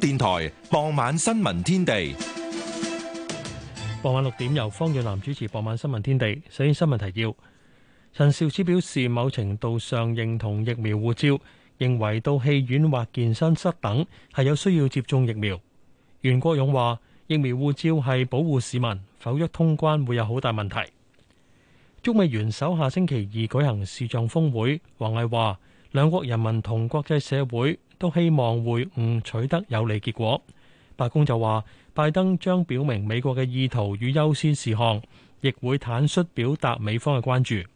電台傍晚新聞天地，傍晚六點由方遠南主持。傍晚新聞天地，首先新聞提要：陳肇始表示，某程度上認同疫苗護照，認為到戲院或健身室等係有需要接種疫苗。袁國勇話，疫苗護照係保護市民，否則通關會有好大問題。中美元首下星期二舉行視像峰會，王毅話，兩國人民同國際社會，都希望會晤取得有利結果。白宮就話，拜登將表明美國嘅意圖與優先事項，亦會坦率表達美方嘅關注。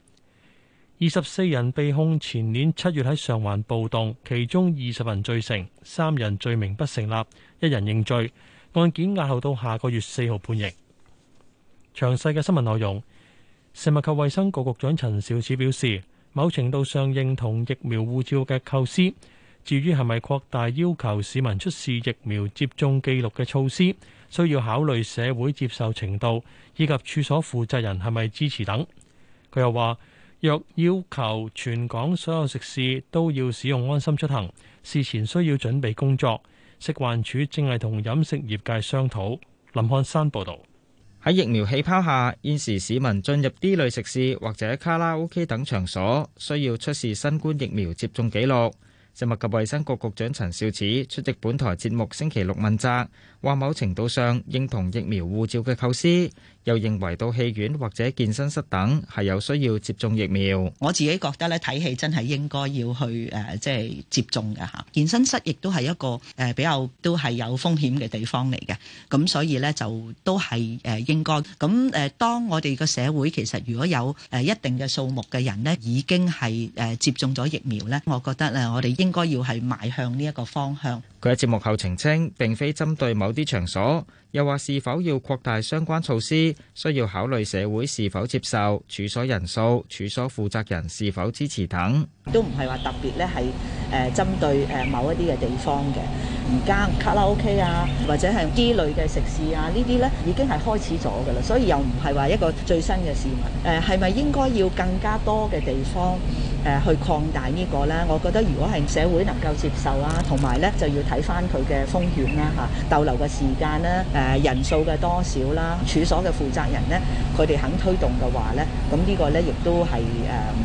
二十四人被控前年七月喺上環暴動，其中二十人罪成，三人罪名不成立，一人認罪。案件押後到下個月四號判刑。詳細嘅新聞內容，食物及衛生局局長陳肇始表示，某程度上認同疫苗護照嘅構思。至於係咪擴大要求市民出示疫苗接種記錄嘅措施，需要考慮社會接受程度以及處所負責人係咪支持等。佢又話：若要求全港所有食肆都要使用安心出行，事前需要準備工作。食環署正係同飲食業界商討。林漢山報導，喺疫苗氣泡下，現時市民進入 D 類食肆或者卡拉 OK 等場所，需要出示新冠疫苗接種記錄。食物及衛生局局長陳肇始出席本台節目《星期六問責》。話某程度上認同疫苗護照嘅構思，又認為到戲院或者健身室等係有需要接種疫苗。我自己覺得咧，睇戲真係應該要去誒，即係接種嘅吓。健身室亦都係一個誒比較都係有風險嘅地方嚟嘅。咁所以咧就都係誒應該。咁誒，當我哋個社會其實如果有誒一定嘅數目嘅人呢，已經係誒接種咗疫苗咧，我覺得咧，我哋應該要係邁向呢一個方向。佢喺節目後澄清，並非針對某啲場所，又話是否要擴大相關措施，需要考慮社會是否接受、處所人數、處所負責人是否支持等。都唔係話特別咧，係誒針對某一啲嘅地方嘅。而家卡拉 OK 啊，或者係呢類嘅食肆啊，呢啲呢已經係開始咗㗎喇，所以又唔係話一個最新嘅事物。誒係咪應該要更加多嘅地方？誒、呃、去擴大個呢個咧，我覺得如果係社會能夠接受啦、啊，同埋呢就要睇翻佢嘅風險啦、啊、嚇，逗留嘅時間啦、啊，誒、呃、人數嘅多少啦、啊，處所嘅負責人呢，佢哋肯推動嘅話呢，咁呢個呢亦都係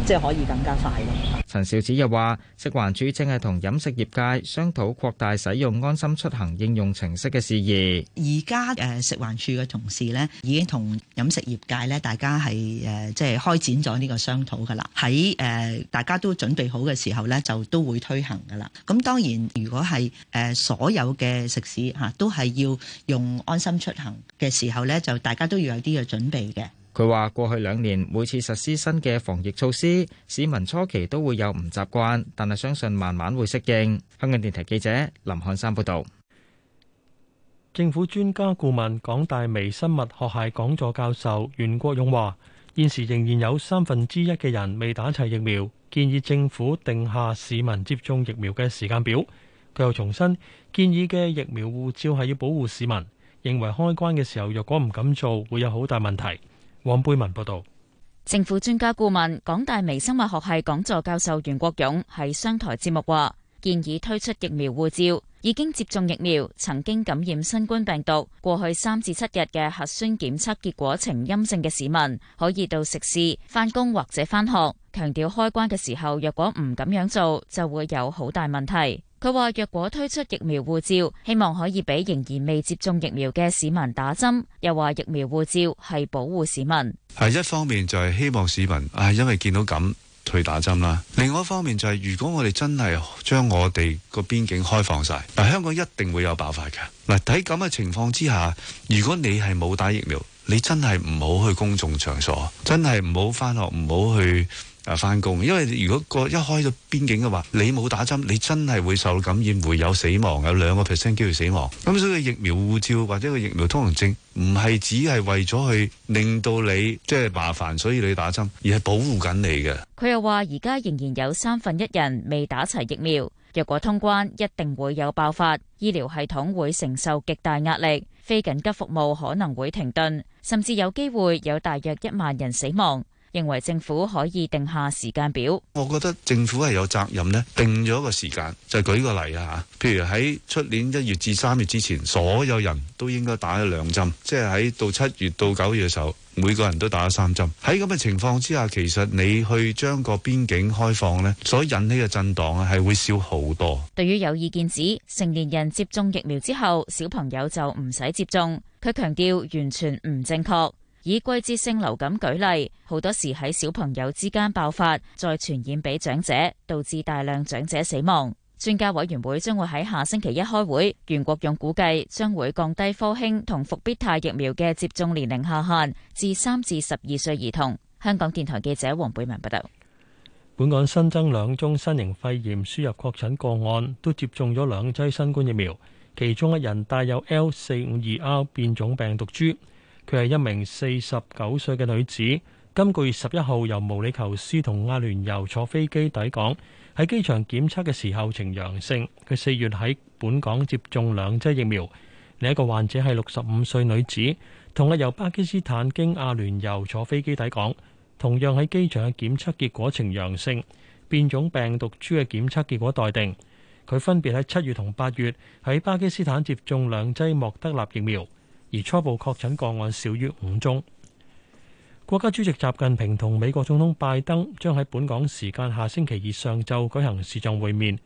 誒即係可以更加快咯。陳肇始又話：食環署正係同飲食業界商討擴大使用安心出行應用程式嘅事宜。而家誒食環署嘅同事呢，已經同飲食業界呢，大家係誒、呃、即係開展咗呢個商討嘅啦，喺誒。呃大家都準備好嘅時候呢，就都會推行㗎喇。咁當然，如果係誒所有嘅食肆嚇都係要用安心出行嘅時候呢，就大家都要有啲嘅準備嘅。佢話：過去兩年每次實施新嘅防疫措施，市民初期都會有唔習慣，但係相信慢慢會適應。香港電台記者林漢山報道。政府專家顧問、港大微生物學系講座教授袁國勇話：現時仍然有三分之一嘅人未打齊疫苗。建議政府定下市民接種疫苗嘅時間表。佢又重申建議嘅疫苗護照係要保護市民，認為開關嘅時候，若果唔敢做，會有好大問題。黃貝文報道，政府專家顧問、港大微生物學系講座教授袁國勇喺商台節目話：建議推出疫苗護照，已經接種疫苗、曾經感染新冠病毒、過去三至七日嘅核酸檢測結果呈陰性嘅市民，可以到食肆、返工或者返學。強調開關嘅時候，若果唔咁樣做，就會有好大問題。佢話若果推出疫苗護照，希望可以俾仍然未接種疫苗嘅市民打針。又話疫苗護照係保護市民。係一方面就係希望市民，啊，因為見到咁去打針啦。另外一方面就係，如果我哋真係將我哋個邊境開放晒，嗱，香港一定會有爆發嘅。嗱，喺咁嘅情況之下，如果你係冇打疫苗，你真係唔好去公眾場所，真係唔好翻學，唔好去。啊！翻工，因為如果個一開到邊境嘅話，你冇打針，你真係會受感染，會有死亡，有兩個 percent 機會死亡。咁所以疫苗護照或者個疫苗通行證，唔係只係為咗去令到你即係麻煩，所以你打針，而係保護緊你嘅。佢又話：而家仍然有三分一人未打齊疫苗，若果通關一定會有爆發，醫療系統會承受極大壓力，非緊急服務可能會停頓，甚至有機會有大約一萬人死亡。認為政府可以定下時間表。我覺得政府係有責任呢，定咗個時間。就舉個例啊，譬如喺出年一月至三月之前，所有人都應該打咗兩針，即係喺到七月到九月嘅時候，每個人都打咗三針。喺咁嘅情況之下，其實你去將個邊境開放呢，所引起嘅震盪係會少好多。對於有意見指成年人接種疫苗之後，小朋友就唔使接種，佢強調完全唔正確。以季節性流感舉例，好多時喺小朋友之間爆發，再傳染俾長者，導致大量長者死亡。專家委員會將會喺下星期一開會，袁國勇估計將會降低科興同復必泰疫苗嘅接種年齡下限至三至十二歲兒童。香港電台記者黃貝文報道。本港新增兩宗新型肺炎輸入確診個案，都接種咗兩劑新冠疫苗，其中一人帶有 L 四五二 R 變種病毒株。佢係一名四十九歲嘅女子，今個月十一號由毛里求斯同阿聯酋坐飛機抵港，喺機場檢測嘅時候呈陽性。佢四月喺本港接種兩劑疫苗。另一個患者係六十五歲女子，同日由巴基斯坦經阿聯酋坐飛機抵港，同樣喺機場嘅檢測結果呈陽性，變種病毒株嘅檢測結果待定。佢分別喺七月同八月喺巴基斯坦接種兩劑莫德納疫苗。而初步確診個案少於五宗。國家主席習近平同美國總統拜登將喺本港時間下星期二上晝舉行視像會面。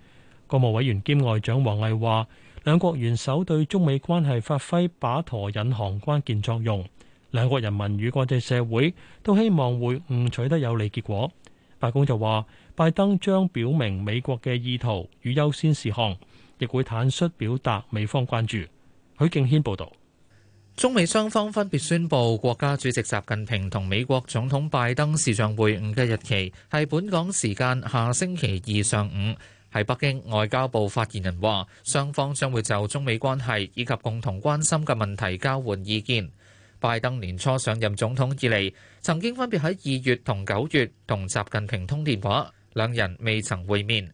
國務委員兼外長王毅話：兩國元首對中美關係發揮把舵引航關鍵作用，兩國人民與國際社會都希望會晤取得有利結果。白宮就話，拜登將表明美國嘅意圖與優先事項，亦會坦率表達美方關注。許敬軒報導。中美雙方分別宣布國家主席習近平同美國總統拜登視像會晤嘅日期，係本港時間下星期二上午。喺北京外交部發言人話，雙方將會就中美關係以及共同關心嘅問題交換意見。拜登年初上任總統以嚟，曾經分別喺二月同九月同習近平通電話，兩人未曾會面。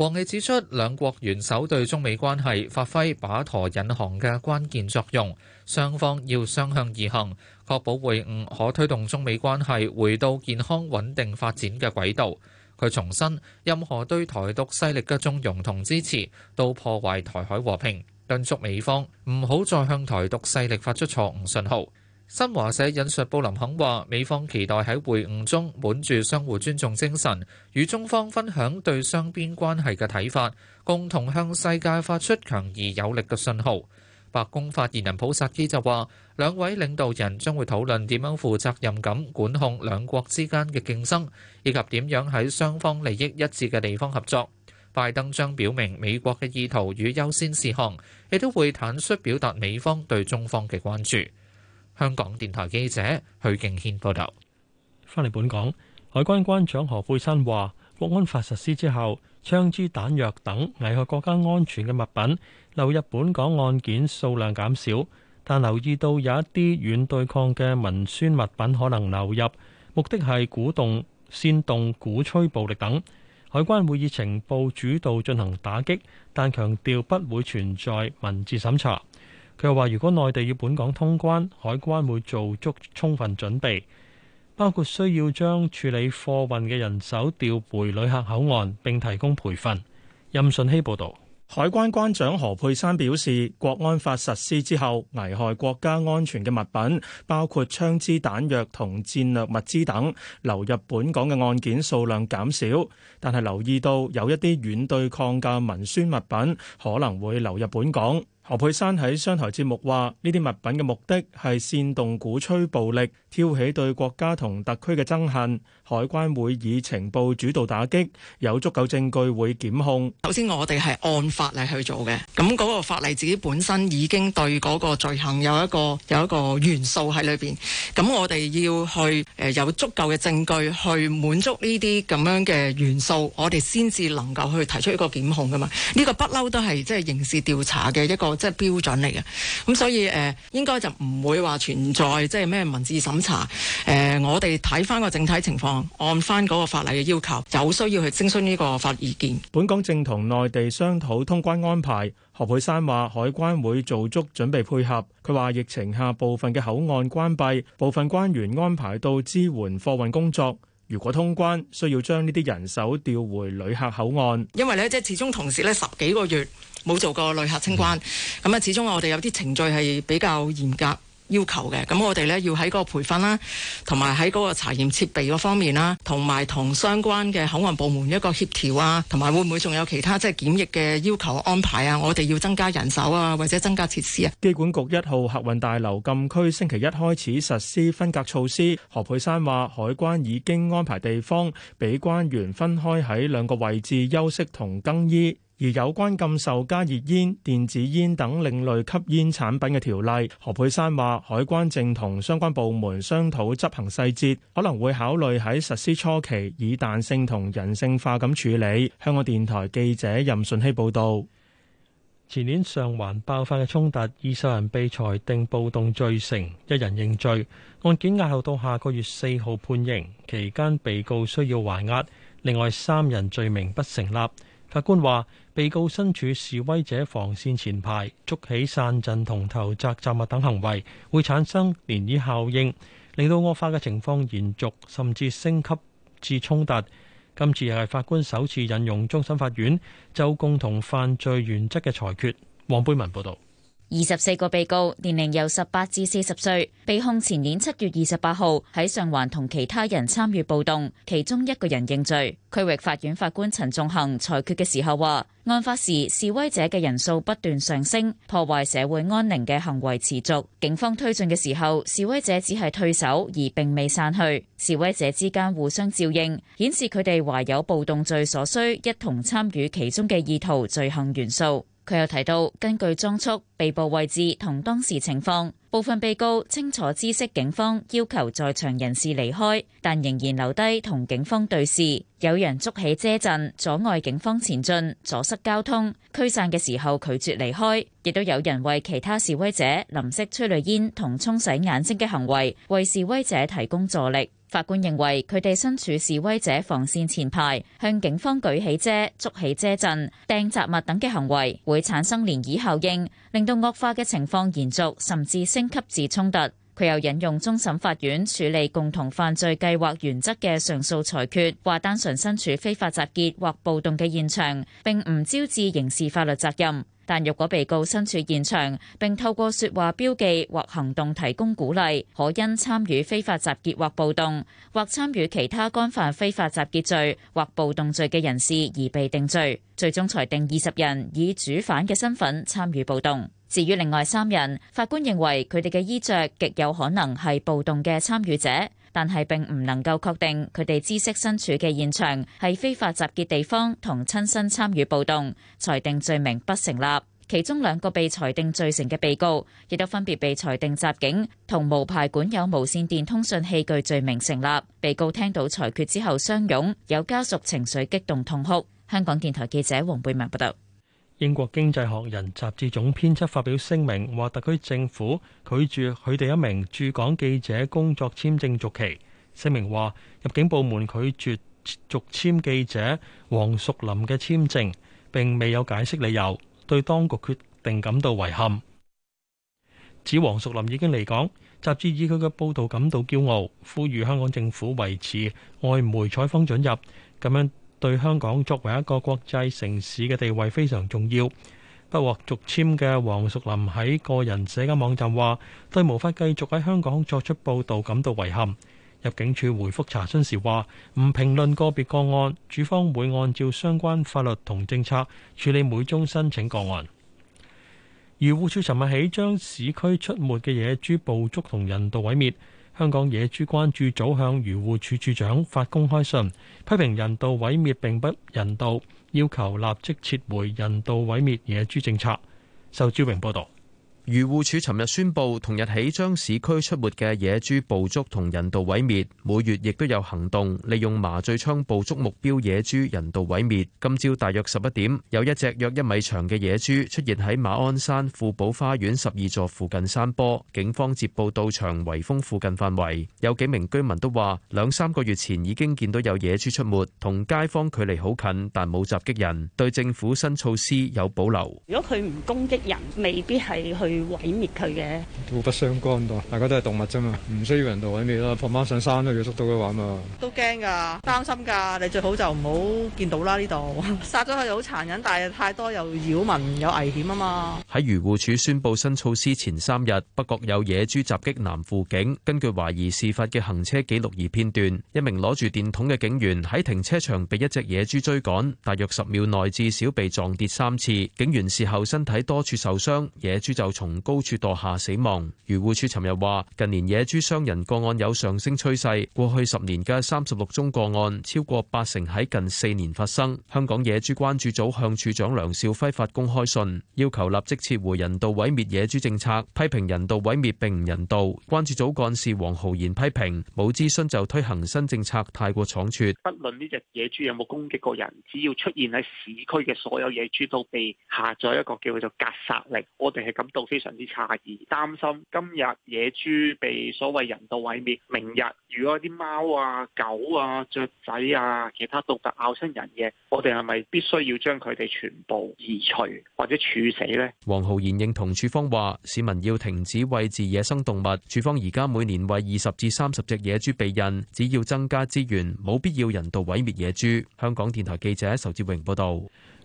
王毅指出，兩國元首對中美關係發揮把舵引航嘅關鍵作用，雙方要相向而行，確保會晤可推動中美關係回到健康穩定發展嘅軌道。佢重申，任何對台獨勢力嘅縱容同支持，都破壞台海和平，敦促美方唔好再向台獨勢力發出錯誤信號。新華社引述布林肯話，美方期待喺會晤中本住相互尊重精神，與中方分享對雙邊關係嘅睇法，共同向世界發出強而有力嘅信號。白宮發言人普薩基就話，兩位領導人將會討論點樣負責任咁管控兩國之間嘅競爭，以及點樣喺雙方利益一致嘅地方合作。拜登將表明美國嘅意圖與優先事項，亦都會坦率表達美方對中方嘅關注。香港電台記者許敬軒報道。翻嚟本港，海關關長何佩琛何佩珊話，國安法實施之後，槍支彈藥等危害國家安全嘅物品流入本港案件數量減少，但留意到有一啲軟對抗嘅文宣物品可能流入，目的係鼓動煽動、鼓吹暴力等。海關會以情報主導進行打擊，但強調不會存在文字審查。佢又話：如果內地與本港通關，海關會做足充分準備，包括需要將處理貨運嘅人手調回旅客口岸，並提供培訓。任順希報導。海關關長何佩珊表示，國安法實施之後，危害國家安全嘅物品，包括槍支彈藥同戰略物資等，流入本港嘅案件數量減少。但係留意到有一啲軟對抗嘅文宣物品可能會流入本港。何佩珊喺商台節目話：呢啲物品嘅目的係煽動鼓吹暴力，挑起對國家同特區嘅憎恨。海關會以情報主導打擊，有足夠證據會檢控。首先，我哋係按法例去做嘅。咁嗰個法例自己本身已經對嗰個罪行有一個有一個元素喺裏邊。咁我哋要去誒有足夠嘅證據去滿足呢啲咁樣嘅元素，我哋先至能夠去提出一個檢控噶嘛。呢個不嬲都係即係刑事調查嘅一個。即係標準嚟嘅，咁、嗯、所以誒、呃、應該就唔會話存在即係咩文字審查。誒、呃、我哋睇翻個整體情況，按翻嗰個法例嘅要求，有需要去徵詢呢個法律意見。本港正同內地商討通關安排，何佩珊話，海關會做足準備配合。佢話疫情下部分嘅口岸關閉，部分關員安排到支援貨運工作。如果通關，需要將呢啲人手調回旅客口岸。因為呢即係始終同時呢十幾個月冇做過旅客清關，咁啊、嗯、始終我哋有啲程序係比較嚴格。要求嘅，咁我哋咧要喺嗰個培訓啦，同埋喺嗰個查驗設備嗰方面啦，同埋同相關嘅口岸部門一個協調啊，同埋會唔會仲有其他即係檢疫嘅要求安排啊？我哋要增加人手啊，或者增加設施啊？機管局一號客運大樓禁區星期一開始實施分隔措施。何佩珊話，海關已經安排地方俾關員分開喺兩個位置休息同更衣。而有關禁售加熱煙、電子煙等另類吸煙產品嘅條例，何佩珊話：海關正同相關部門商討執行細節，可能會考慮喺實施初期以彈性同人性化咁處理。香港電台記者任信希報導。前年上環爆發嘅衝突，二十人被裁定暴動罪成，一人認罪，案件押後到下個月四號判刑，期間被告需要還押。另外三人罪名不成立。法官話：被告身處示威者防線前排，捉起散陣同投擲雜物等行為，會產生漣漪效應，令到惡化嘅情況延續，甚至升級至衝突。今次又係法官首次引用終審法院就共同犯罪原則嘅裁決。黃貝文報道。二十四個被告年齡由十八至四十歲，被控前年七月二十八號喺上環同其他人參與暴動，其中一個人認罪。區域法院法官陳仲衡裁決嘅時候話，案發時示威者嘅人數不斷上升，破壞社會安寧嘅行為持續。警方推進嘅時候，示威者只係退守而並未散去，示威者之間互相照應，顯示佢哋懷有暴動罪所需一同參與其中嘅意圖罪行元素。佢又提到，根據裝束、被捕位置同當時情況，部分被告清楚知悉警方要求在場人士離開，但仍然留低同警方對視；有人捉起遮陣，阻礙警方前進，阻塞交通；驅散嘅時候拒絕離開，亦都有人為其他示威者淋熄催淚煙同沖洗眼睛嘅行為，為示威者提供助力。法官認為，佢哋身處示威者防線前排，向警方舉起遮、捉起遮陣、掟雜物等嘅行為，會產生漣漪效應，令到惡化嘅情況延續，甚至升級至衝突。佢又引用終審法院處理共同犯罪計劃原則嘅上訴裁決，話單純身處非法集結或暴動嘅現場，並唔招致刑事法律責任。但若果被告身處現場，並透過說話標記或行動提供鼓勵，可因參與非法集結或暴動，或參與其他干犯非法集結罪或暴動罪嘅人士而被定罪。最終裁定二十人以主犯嘅身份參與暴動。至於另外三人，法官認為佢哋嘅衣着極有可能係暴動嘅參與者。但係並唔能夠確定佢哋知識身處嘅現場係非法集結地方，同親身參與暴動，裁定罪名不成立。其中兩個被裁定罪成嘅被告，亦都分別被裁定襲警同無牌管有無線電通訊器具罪名成立。被告聽到裁決之後相擁，有家屬情緒激動痛哭。香港電台記者黃貝文報道。英國經濟學人雜誌總編輯發表聲明，話特區政府拒絕佢哋一名駐港記者工作簽證續期。聲明話入境部門拒絕續簽記者黃淑琳嘅簽證，並未有解釋理由，對當局決定感到遺憾。指黃淑琳已經嚟港，雜誌以佢嘅報道感到驕傲，呼籲香港政府維持外媒採訪准入，咁樣。對香港作為一個國際城市嘅地位非常重要。不獲續簽嘅黃淑琳喺個人社交網站話：對無法繼續喺香港作出報導感到遺憾。入境處回覆查詢時話：唔評論個別個案，主方會按照相關法律同政策處理每宗申請個案。漁護署尋日起將市區出沒嘅野豬捕捉同人道毀滅。香港野豬關注組向漁護署署長發公開信，批評人道毀滅並不人道，要求立即撤回人道毀滅野豬政策。受朱榮報導。漁護署尋日宣布，同日起將市區出沒嘅野豬捕捉同人道毀滅。每月亦都有行動，利用麻醉槍捕捉目標野豬，人道毀滅。今朝大約十一點，有一隻約一米長嘅野豬出現喺馬鞍山富寶花園十二座附近山坡，警方接報到場圍封附近範圍。有幾名居民都話，兩三個月前已經見到有野豬出沒，同街坊距離好近，但冇襲擊人。對政府新措施有保留。如果佢唔攻擊人，未必係去毀滅佢嘅，互不相干㗎，大家都係動物啫嘛，唔需要人道毀滅啦。伏貓上山都要捉到佢玩嘛，都驚㗎，擔心㗎，你最好就唔好見到啦呢度。殺咗佢又好殘忍，但係太多又擾民，有危險啊嘛。喺漁護署宣布新措施前三日，北角有野豬襲擊男輔警。根據懷疑事發嘅行車記錄儀片段，一名攞住電筒嘅警員喺停車場被一隻野豬追趕，大約十秒內至少被撞跌三次。警員事後身體多處受傷，野豬就從高處墮下死亡。漁護署尋日話，近年野豬傷人個案有上升趨勢。過去十年嘅三十六宗個案，超過八成喺近四年發生。香港野豬關注組向署長梁肇輝發公開信，要求立即撤回人道毀滅野豬政策，批評人道毀滅並唔人道。關注組幹事黃浩然批評，冇諮詢就推行新政策太過倉促。不論呢隻野豬有冇攻擊過人，只要出現喺市區嘅所有野豬都被下咗一個叫做格殺令」。我哋係感到非常之詫異，擔心今日野豬被所謂人道毀滅，明日如果啲貓啊、狗啊、雀仔啊、其他動物咬親人嘅，我哋係咪必須要將佢哋全部移除或者處死呢？黃浩然認同處方話，市民要停止餵食野生動物。處方而家每年餵二十至三十隻野豬避孕，只要增加資源，冇必要人道毀滅野豬。香港電台記者仇志榮報道。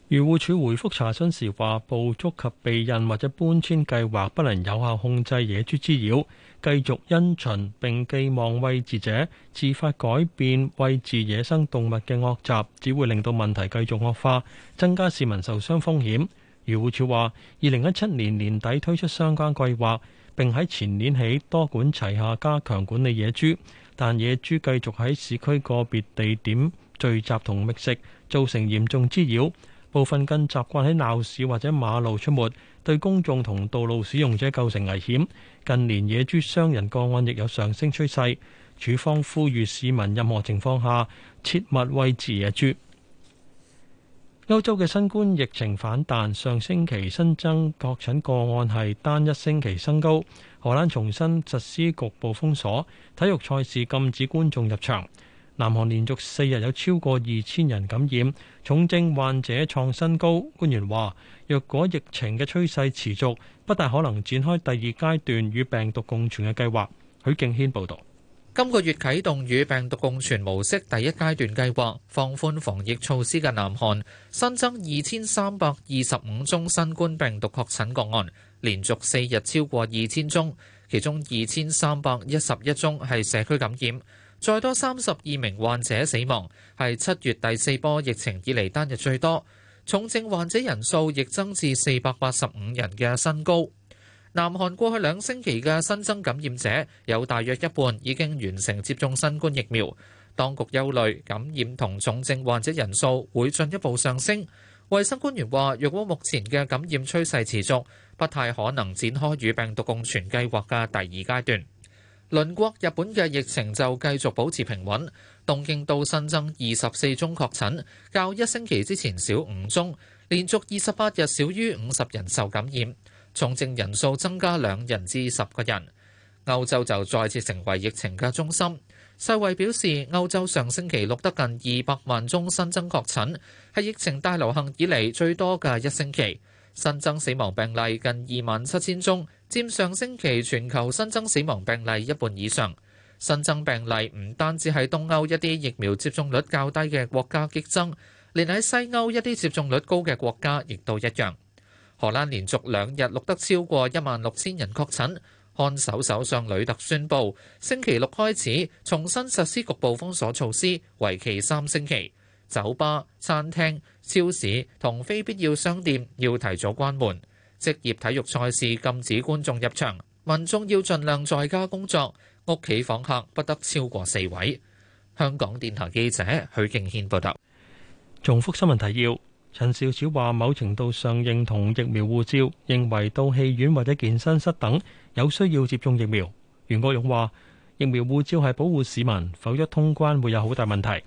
漁護署回覆查詢時話：捕捉及避孕或者搬遷計劃不能有效控制野豬滋擾，繼續因循並寄望餵飼者自發改變餵飼野生動物嘅惡習，只會令到問題繼續惡化，增加市民受傷風險。漁護署話：二零一七年年底推出相關計劃，並喺前年起多管齊下加強管理野豬，但野豬繼續喺市區個別地點聚集同覓食，造成嚴重滋擾。部分更習慣喺鬧市或者馬路出沒，對公眾同道路使用者構成危險。近年野豬傷人個案亦有上升趨勢，署方呼籲市民任何情況下切勿餵食野豬。歐洲嘅新冠疫情反彈，上星期新增確診個案係單一星期新高。荷蘭重新實施局部封鎖，體育賽事禁止觀眾入場。南韓連續四日有超過二千人感染，重症患者創新高。官員話：若果疫情嘅趨勢持續，不大可能展開第二階段與病毒共存嘅計劃。許敬軒報道。今個月啟動與病毒共存模式第一階段計劃，放寬防疫措施嘅南韓，新增二千三百二十五宗新冠病毒確診個案，連續四日超過二千宗，其中二千三百一十一宗係社區感染。再多三十二名患者死亡，係七月第四波疫情以嚟單日最多。重症患者人數亦增至四百八十五人嘅新高。南韓過去兩星期嘅新增感染者有大約一半已經完成接種新冠疫苗。當局憂慮感染同重症患者人數會進一步上升。衛生官員話，若果目前嘅感染趨勢持續，不太可能展開與病毒共存計劃嘅第二階段。鄰國日本嘅疫情就繼續保持平穩，東京都新增二十四宗確診，較一星期之前少五宗，連續二十八日少於五十人受感染，重症人數增加兩人至十個人。歐洲就再次成為疫情嘅中心。世衛表示，歐洲上星期錄得近二百萬宗新增確診，係疫情大流行以嚟最多嘅一星期，新增死亡病例近二萬七千宗。佔上星期全球新增死亡病例一半以上，新增病例唔單止係東歐一啲疫苗接種率較低嘅國家激增，連喺西歐一啲接種率高嘅國家亦都一樣。荷蘭連續兩日錄得超過一萬六千人確診，看守首相呂特宣布，星期六開始重新實施局部封鎖措施，為期三星期。酒吧、餐廳、超市同非必要商店要提早關門。職業體育賽事禁止觀眾入場，民眾要盡量在家工作，屋企訪客不得超過四位。香港電台記者許敬軒報道。重複新聞提要：陳肇始話某程度上認同疫苗護照，認為到戲院或者健身室等有需要接種疫苗。袁國勇話疫苗護照係保護市民，否則通關會有好大問題。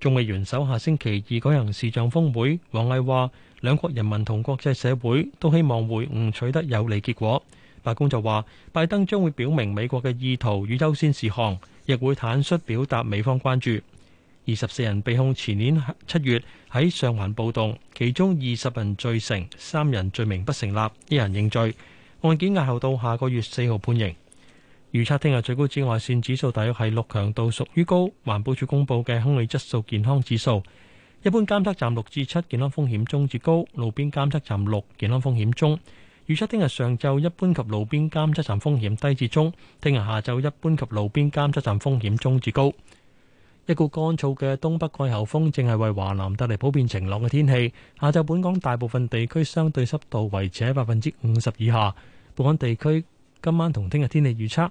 眾議員手下星期二舉行視像峰會，王毅話。兩國人民同國際社會都希望會晤取得有利結果。白宮就話，拜登將會表明美國嘅意圖與優先事項，亦會坦率表達美方關注。二十四人被控前年七月喺上環暴動，其中二十人罪成，三人罪名不成立，一人認罪。案件押後到下個月四號判刑。預測聽日最高紫外線指數大約係六強度，屬於高。環保署公佈嘅空氣質素健康指數，一般監測站六至七健康風險中至高，路邊監測站六健康風險中。預測聽日上晝一般及路邊監測站風險低至中，聽日下晝一般及路邊監測站風險中至高。一股乾燥嘅東北季候風正係為華南帶嚟普遍晴朗嘅天氣。下晝本港大部分地區相對濕度維持喺百分之五十以下。本港地區今晚同聽日天氣預測。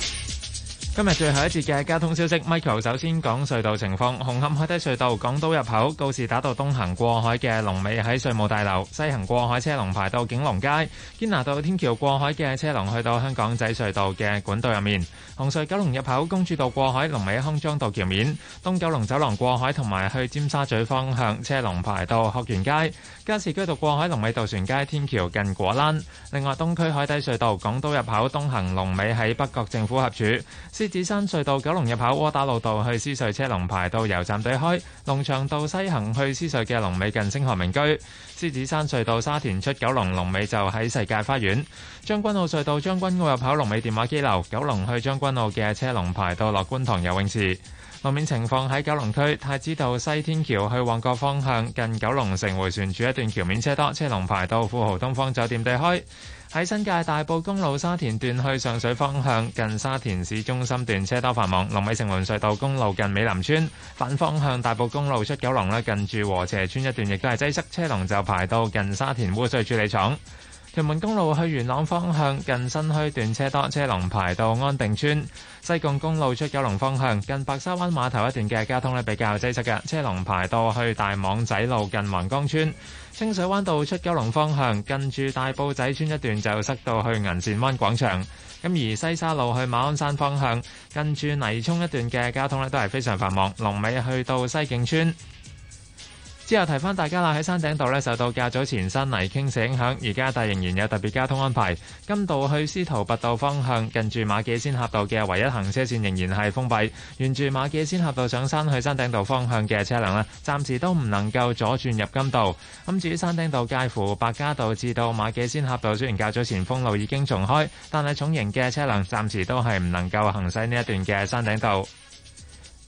今日最後一節嘅交通消息，Michael 首先講隧道情況。紅磡海底隧道港島入口告士打道東行過海嘅龍尾喺稅務大樓，西行過海車龍排到景隆街。堅拿道天橋過海嘅車龍去到香港仔隧道嘅管道入面。紅隧九龍入口公主道過海龍尾康莊道橋面，東九龍走廊過海同埋去尖沙咀方向車龍排到鶴園街。加士居道過海龍尾渡船街天橋近果欄。另外，東區海底隧道港島入口東行龍尾喺北角政府合署。獅子山隧道九龍入口窩打老道去獅隧車龍排到油站對開，龍翔道西行去獅隧嘅龍尾近星河名居。獅子山隧道沙田出九龍龍尾就喺世界花園。將軍澳隧道將軍澳入口龍尾電話機樓，九龍去將軍澳嘅車龍排到落觀塘游泳池。.路面情況，喺九龍區太子道西天橋去旺角方向，近九龍城迴旋處一段橋面車多，車龍排到富豪東方酒店地區。喺新界大埔公路沙田段去上水方向，近沙田市中心段車多繁忙。龍尾，城門隧道公路近美林村，反方向大埔公路出九龍咧，近住禾輋村一段亦都係擠塞，車龍就排到近沙田污水處理廠。屯門公路去元朗方向近新墟段車多，車龍排到安定村。西貢公路出九龍方向近白沙灣碼頭一段嘅交通咧比較擠塞嘅，車龍排到去大網仔路近橫江村。清水灣道出九龍方向近住大埔仔村一段就塞到去銀線灣廣場。咁而西沙路去馬鞍山方向近住泥涌一段嘅交通咧都係非常繁忙，龍尾去到西徑村。之後提翻大家啦，喺山頂度咧受到較早前山泥傾瀉影響，而家但仍然有特別交通安排。金道去司徒拔道方向，近住馬己仙峽道嘅唯一行車線仍然係封閉。沿住馬己仙峽道上山去山頂道方向嘅車輛咧，暫時都唔能夠左轉入金道。咁至於山頂道介乎白加道至到馬己仙峽道，雖然較早前封路已經重開，但係重型嘅車輛暫時都係唔能夠行駛呢一段嘅山頂道。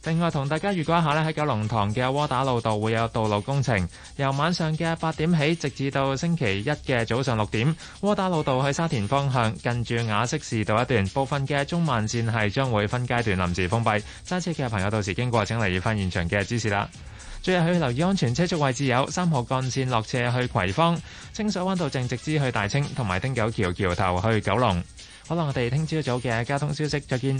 另外同大家預告一下咧，喺九龍塘嘅窩打路道會有道路工程，由晚上嘅八點起，直至到星期一嘅早上六點。窩打路道去沙田方向近住雅息士道一段，部分嘅中慢線係將會分階段臨時封閉。揸車嘅朋友到時經過請留意翻現場嘅指示啦。最後要留意安全車速位置有三號幹線落斜去葵芳、清水灣道正直之去大清同埋汀九橋橋頭去九龍。好啦，我哋聽朝早嘅交通消息，再見。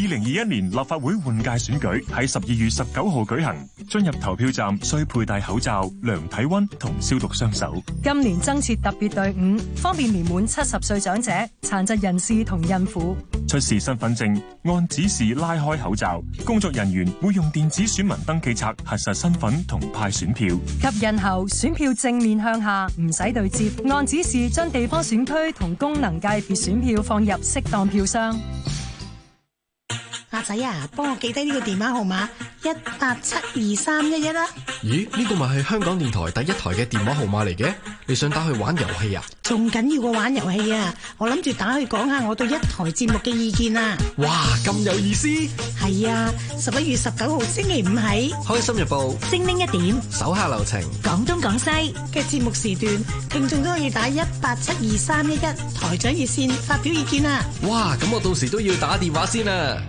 二零二一年立法會換屆選舉喺十二月十九號舉行，進入投票站需佩戴口罩、量體溫同消毒雙手。今年增設特別隊伍，方便年滿七十歲長者、殘疾人士同孕婦出示身份證，按指示拉開口罩，工作人員會用電子選民登記冊核實身份同派選票。及印後，選票正面向下，唔使對接，按指示將地方選區同功能界別選票放入適當票箱。阿仔啊，幫我記低呢個電話號碼一八七二三一一啦。啊、咦，呢、這個咪係香港電台第一台嘅電話號碼嚟嘅？你想打去玩遊戲啊？仲緊要過玩遊戲啊？我諗住打去講下我對一台節目嘅意見啊！哇，咁有意思！係啊，十一月十九號星期五喺《開心日報》精靈一點，手下留情，廣東廣西嘅節目時段，聽眾都可以打一八七二三一一台長熱線發表意見啊。哇，咁我到時都要打電話先啊！